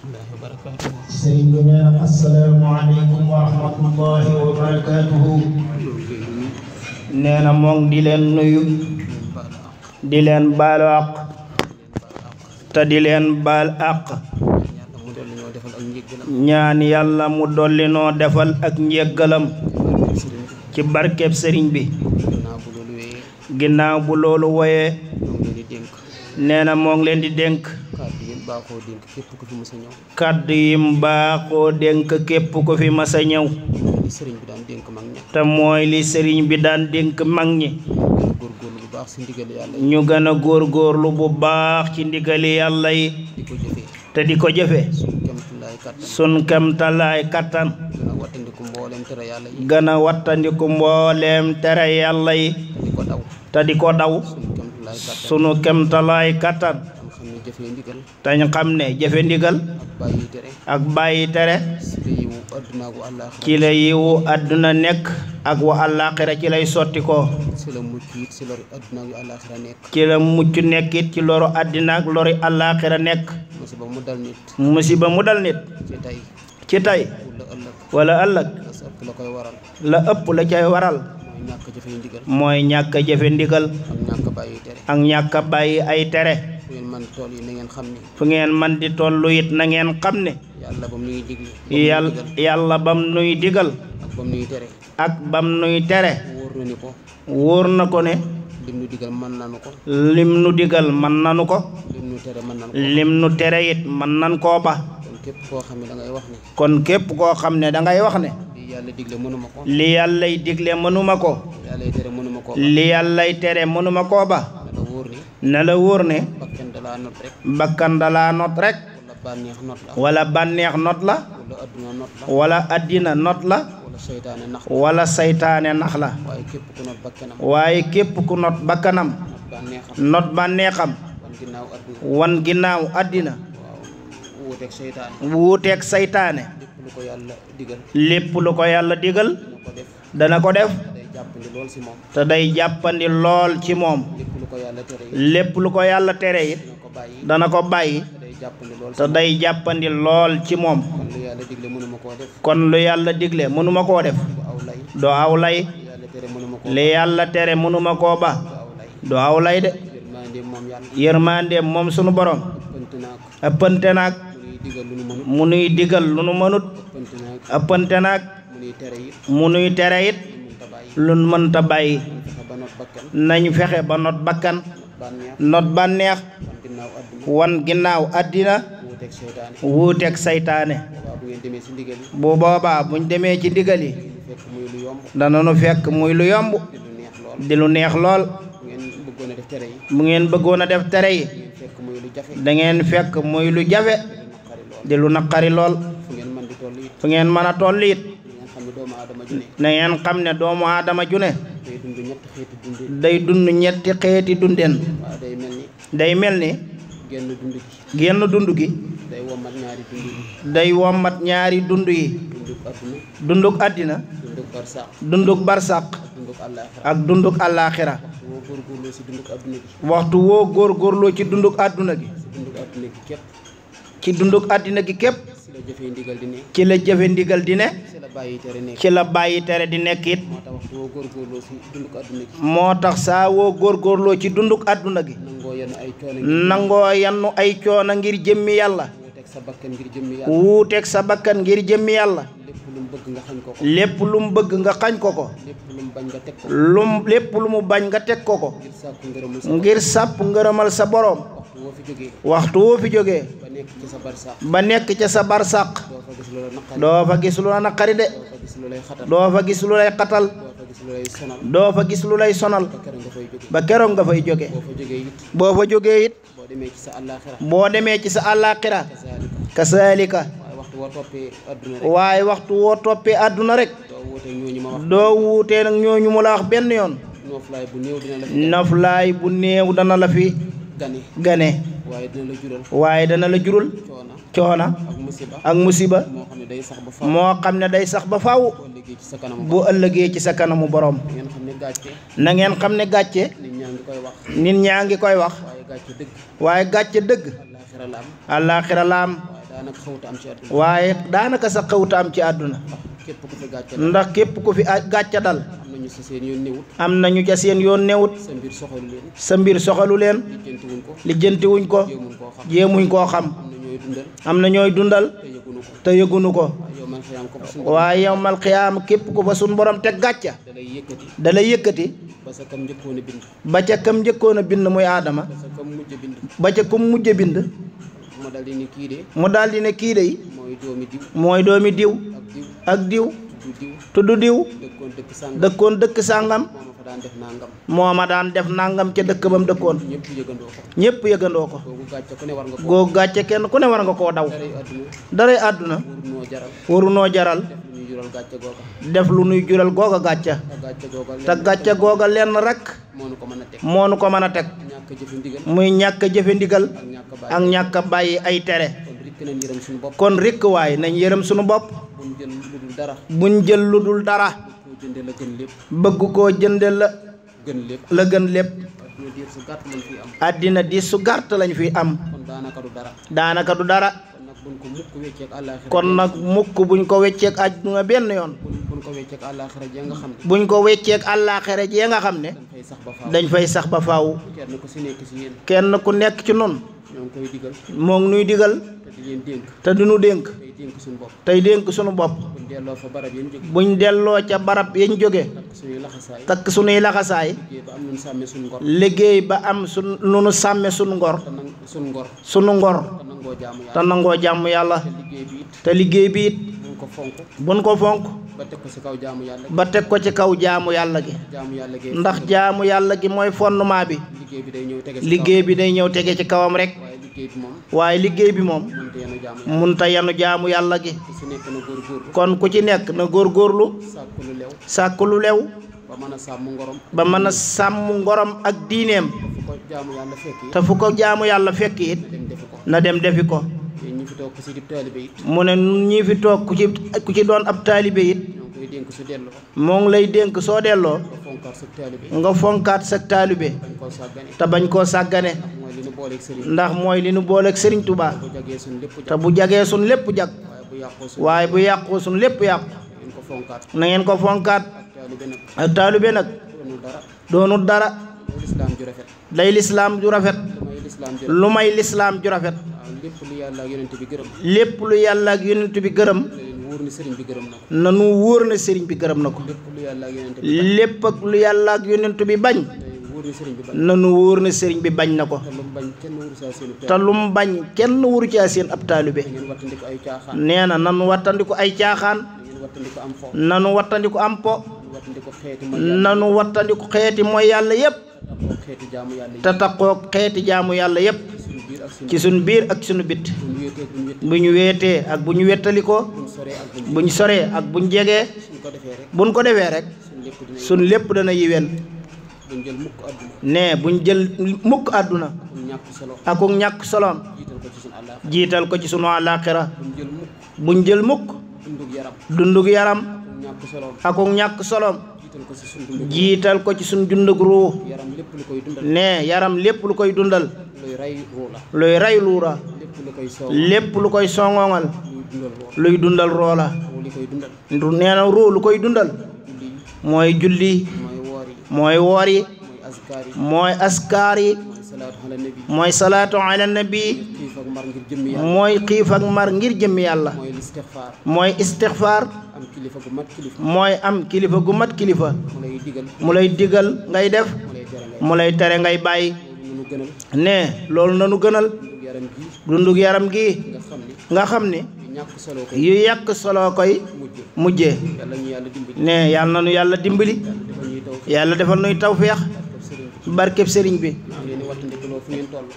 sëriñ moom di leen nuyu di leen baalu àq te di leen baal àq ñaan yàlla mu dolli noo defal ak njéggalam ci barkeb sëriñ bi ginnaaw bu loolu woyee nee na leen di dénk baaxoo dénk képp ku fi mas a ñëw. kaddu yim képp ku fi mas a te mooy li sëriñ bi daan dénk mag ñi. ñu gën a góor góorgóorlu bu baax ci ndiggali yàlla yi. te di ko jëfe sun kemtalaay kàttan gën a wattandiku mbooleem tere yàlla yi. te di ko daw. sunu kemtalaay kattan. te ñu xam ne jëfe ndigal ak bàyyi tere ci la yiwu àdduna nekk ak wa àllaaxira ci lay sotti ko ci la mucc nekkit ci loru àddina ak lori àllaaxira nekk musiba mu dal nit ci tey wala ëllëg la ëpp la cay waral mooy ñàkk jëfe ndigal ak ñàkk bàyyi ay tere man toll yi na ne fu ngeen man di toll na ngeen xam ne yàlla bam nuy digle yàlla yàlla bam nuy digal ak bam nuy tere ak bam nuy tere wóor na ko wóor na ko ne lim nu digal mën nanu ko lim nu digal man nanu ko nu tere mën nanu ko nu tere it mën nan koo ba kon képp koo xam ne da wax ne kon képp koo xam ne da wax ne li mënuma ko li yàllay digle mënuma ko li yàllay tere mënuma koo ba na la wóor ne bakkan dalaa not rek wala bànneex not la wala addina not la wala saytaane nax la waaye képp ku not bakkanam not bànneexam wan ginnaaw àddina wuuteeg saytaane lépp lu ko yàlla digal dana ko def te day jàppandi lool ci moom lépp lu ko yàlla tere it dana ko bàyyi te day jàppandi lool ci moom kon lu yàlla digle mënuma koo def do aw lay li yàlla tere mënuma koo ba do aw lay de yërmandeem moom sunu borom ëppante naag mu nuy digal lu nu mënut ëppante naag mu nuy tere it lu mënta bàyyi nañ fexe ba not bakkan not neex wan ginnaaw àddina wuuteeg saytaane bu boobaa buñ demee ci ndigal yi dananu fekk muy lu yomb di lu neex lool bu ngeen bëggoon a def tere yi da ngeen fekk muy lu jafe di lu naqari lool fu ngeen mën a toll it xam ne doomu aadama ju ne day dund ñetti xeeti dundin. day dund ñetti xeeti dundin. waaw day mel ni. day mel ni. genn dund gi. dund gi. day wommat ñaari dund yi. day ñaari dund yi. dunduk àddina dunduk addina. dunduk barsaq. dunduk barsaq. ak dunduk àllaaxira. waxtu woo góor góorloo ci dunduk adduna gi. ci dunduk addina gi képp. ci la jëfe ndigal di ne. ci la jëfe ndigal di ne. ci la bàyyi tere nekk. ci la bàyyi tere di nekk it. moo tax saa woo góorgóorloo ci moo tax saa woo góorgóorloo ci dunduk àdduna gi. nangoo yannu ay coono. nangoo yannu ay coono ngir jëmmi yàlla. wuuteeg sa bakkan ngir jëmmi yàlla. wuuteeg sa bakkan ngir jëmmi yàlla. lépp lu mu bëgg nga xañ ko ko. lépp lu bëgg nga xañ ko ko. lu mu lépp lu mu bañ nga teg ko ko. ngir sàpp ngërëmal sa borom. waxtu woo fi jógee. ba nekk ca sa barsàq doo fa gis lu la naqari de doo fa gis lu lay xatal doo fa gis lu lay sonal ba keroog nga fay jóge boo fa jógee it boo demee ci sa àllaaxira kasaalika waaye waxtu woo toppee àdduna rek doo wuutee nag ñooñu mu la wax benn yoon noflaay bu néew dana la fi gane gane waaye dana la jural waaye dana la jural coona ak musiba moo xam ne day sax ba faaw bu ëllëgee ci sa kanamu borom na ngeen xam ne gàcce nit ñaa ngi koy wax waaye gàcce dëgg àllaaxira laam waaye daanaka sa xawta am ci àdduna ndax képp ku fi gàcce dal am nañu ca seen yoon newut sa mbir soxalu leen lijjantiwuñ ko jéemuñ koo xam am na ñooy dundal te yëgunu ko waaye yowmal xiyaam képp ko fa sun borom te gàcca da lay yëkkati ba ca kam njëkkoon a bind muy aadama ba ca kum mujj a bind mu daal di ne kii de mooy doomi diw ak diw ak diw tudd diw dëkkoon dëkk sàngam moo ma daan def nangam ca dëkk ba mu dëkkoon ñépp yëgandoo ko googu gàcce kenn ku ne war nga koo daw daray àdduna warunoo jaral def lu nuy jural googa gàcce te gàcce googa lenn rekk moo nu ko mën a teg muy ñàkk jëfe ndigal ak ñàkk bàyyi ay tere kon rikk waay nañ yërëm suñu bopp buñ jël lu dul dara buñ jël lu dul dara bëgg koo jënde la gën la gën lépp àddina diis su gàtt lañ fi am daanaka du dara kon nag mukk buñ ko wecceeg àdduna benn yoon bu buñ ko wecceeg àllaaxira jee nga xam ne dañ fay sax ba faaw kenn ku nekk ci nun moo ngi nuy digal te du nu dénk tey dénk sunu bopp buñ delloo ca barab yañ jóge takk suñuy laxasaay liggéey ba am sun nu sàmmee sàmme suñu ngor suñu ngor te nangoo jàmm yàlla te liggéey bi it buñ ko fonk ba teg ko ci kaw jaamu yàlla gi. ba teg ko ci kaw jaamu yàlla gi. jaamu yàlla gi ndax jaamu yàlla gi mooy fondement bi. liggéey bi day ñëw tege liggéey bi day ñëw tege ci kawam rek. waaye liggéey bi moom. munta yenu jaamu yàlla gi. kon ku ci nekk na góor góorlu lu lew sàkku lu lew. ba mën a sàmm ngorom. ba mën a sàmm ngorom ak diineem. te fu ko jaamu yàlla fekk it. na dem defi ko. mu ne nun ñii fi toog ku ci ku ci doon ab taalibe it moo ngi lay dénk soo delloo nga fonkaat sa taalibe te bañ koo sàggane ndax mooy li nu booleeg Sëriñ Tuubaa te bu jagee suñ lépp jag waaye bu yàqu suñ lépp yàqu na ngeen ko fonkaat ak taalibe nag doonul dara day lislaam ju rafet lu may lislaam ju rafet lépp lu yàlla ak bi gërëm. lépp lu ak yonent bi gërëm. wóor na sëriñ bi gërëm na ko. nanu wóor na sëriñ bi gërëm na ko. lépp ak lu yàlla ak yonent bi bañ. nu wóor na sëriñ bi bañ na ko. te lu mu bañ kenn wóoru caa seen ab taalibe. nee na nanu wattandiku ay caaxaan. nanu wattandiku am po. nanu wattandiku xeeti mooy yàlla yépp. te taxoo xeeti jaamu yàlla yépp. ci suñu biir ak suñu bit bu ñu weetee ak bu ñu wettalikoo bu ñu soree ak bu ñu jegee bu ñu ko defee rek suñ lépp dana yiwen ne bu ñu jël mukk àdduna ak uk ñàkk soloom jiital ko ci sunu àllaaxira bu ñu jël mukk dundug yaram ak uk ñàkk soloom jiital ko ci suñ dundug ruux lu koy dundal ne yaram lépp lu koy dundal. luy ray ruura. luy ray ruura. lépp lu koy songoongal luy dundal roola. nee na ruu lu koy dundal. mooy julli. mooy woor yi. mooy askaar mooy salaatu ala nabi. mooy xiif ak mar ngir jëmmi yàlla. mooy istixfaar. mooy am kilifa gu mat kilifa. mu lay digal ngay def. mu lay tere ngay bàyyi nee loolu na nu gënal dundug yaram gi nga xam ni yu yàq solo koy mujjee ne yàlla nu yàlla dimbali yàlla defal nuy tawféex barkeb sëriñ bi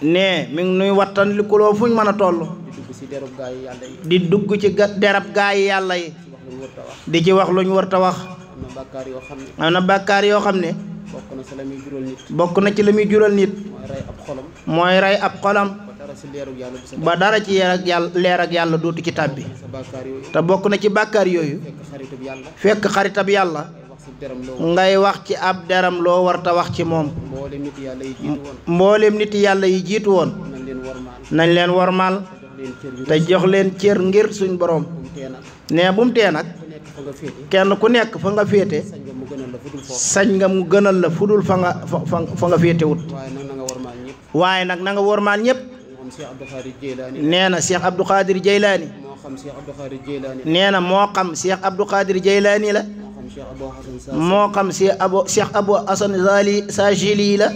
ne mi nuy wattandikuloo fu ñu mën a toll di dugg ci derab gaa yi yàlla yi di ci wax lu ñu warta wax am na bàkkaar yoo xam ne bokk na ci la muy jural nit. bokk na ci la muy jural nit. mooy rey ab xolam. mooy ba dara ci leer ak yàlla leer ak yàlla dootu ci tàbbi. te bokk na ci bàkkaar yooyu. fekk xaritab yàlla. ngay wax ci ab deram loo war ta wax ci moom. mboolem nit yàlla yi jiitu woon. nañ leen wormaal. te jox leen cër ngir suñ borom. nee bu tee nag. kenn ku nekk fa nga féete. sañ nga mu gënal la fudul fa nga fa fa nga féetewut waaye nag na nga wormaal ñëpp nee na Cheikh Abdou Khadir Jeylaani nee na moo xam Cheikh Abdou Khadir Jeylaani la moo xam Cheikh Abo Cheikh Abou Hasan Zali Sajili la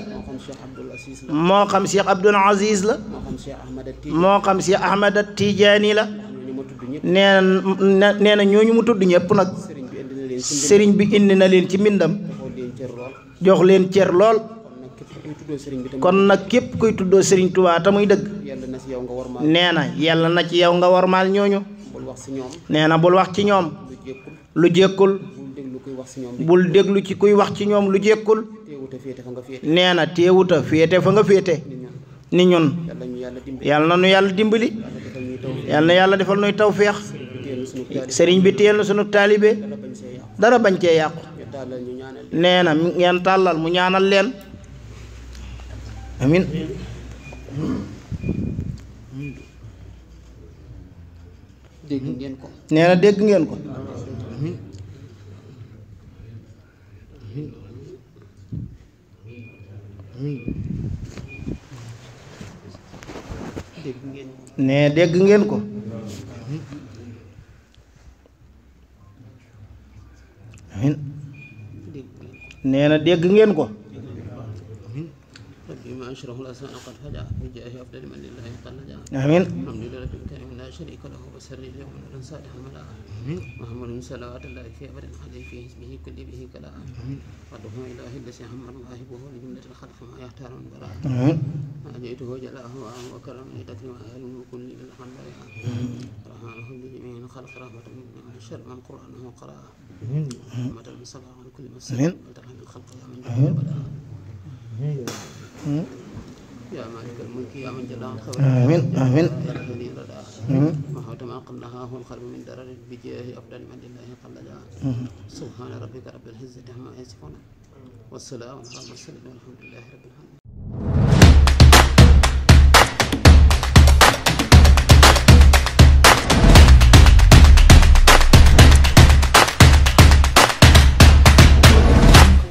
moo xam Cheikh Abdoul Aziz la moo xam Cheikh Ahmad Tijaani la nee na nee na ñooñu mu tudd ñëpp nag sëriñ bi indi na leen ci mbindam jox leen cër lool kon nag képp kuy tuddoo sëriñ Tuubaa te muy dëgg nee na yàlla na ci yow nga warmaal ñooñu nee na bul wax ci ñoom lu jékkul bul déglu ci kuy wax ci ñoom lu jékkul nee na téewuta féete fa nga féete ni ñun yàlla na nu yàlla dimbali yàlla na yàlla defal nuy tawféex sëriñ bi téel na sunu taalibe dara bañ cee yàqu nee na ngeen tàllal mu ñaanal leen amin ngeen ko nee na dégg ngeen ko nee dégg ngeen ko nee na dégg ngeen ko يشرح له صدرا قد فجأ بجاه أفضل من لله قد نجا آمين الحمد لله رب العالمين لا شريك له وسر اليوم نورا صالح ملا محمد صلوات الله في أبد عليه في حزبه كل به كلا قدهم إله الذي حمل واهبه لجملة الخلق ما يختار من براء أجئته جلاه وكرم تكرم أهل كل الحمد لله رحمه لجميع الخلق رحمة من شر من قرآنه قرأ رحمة من صلى على كل مسلم وترحم الخلق يا من بدأ amin amin وما قلناها هو الخلق من درر بجاه أفضل من الله قل لها سبحان ربك رب العزة عما يصفون والسلام على المرسلين والحمد لله رب العالمين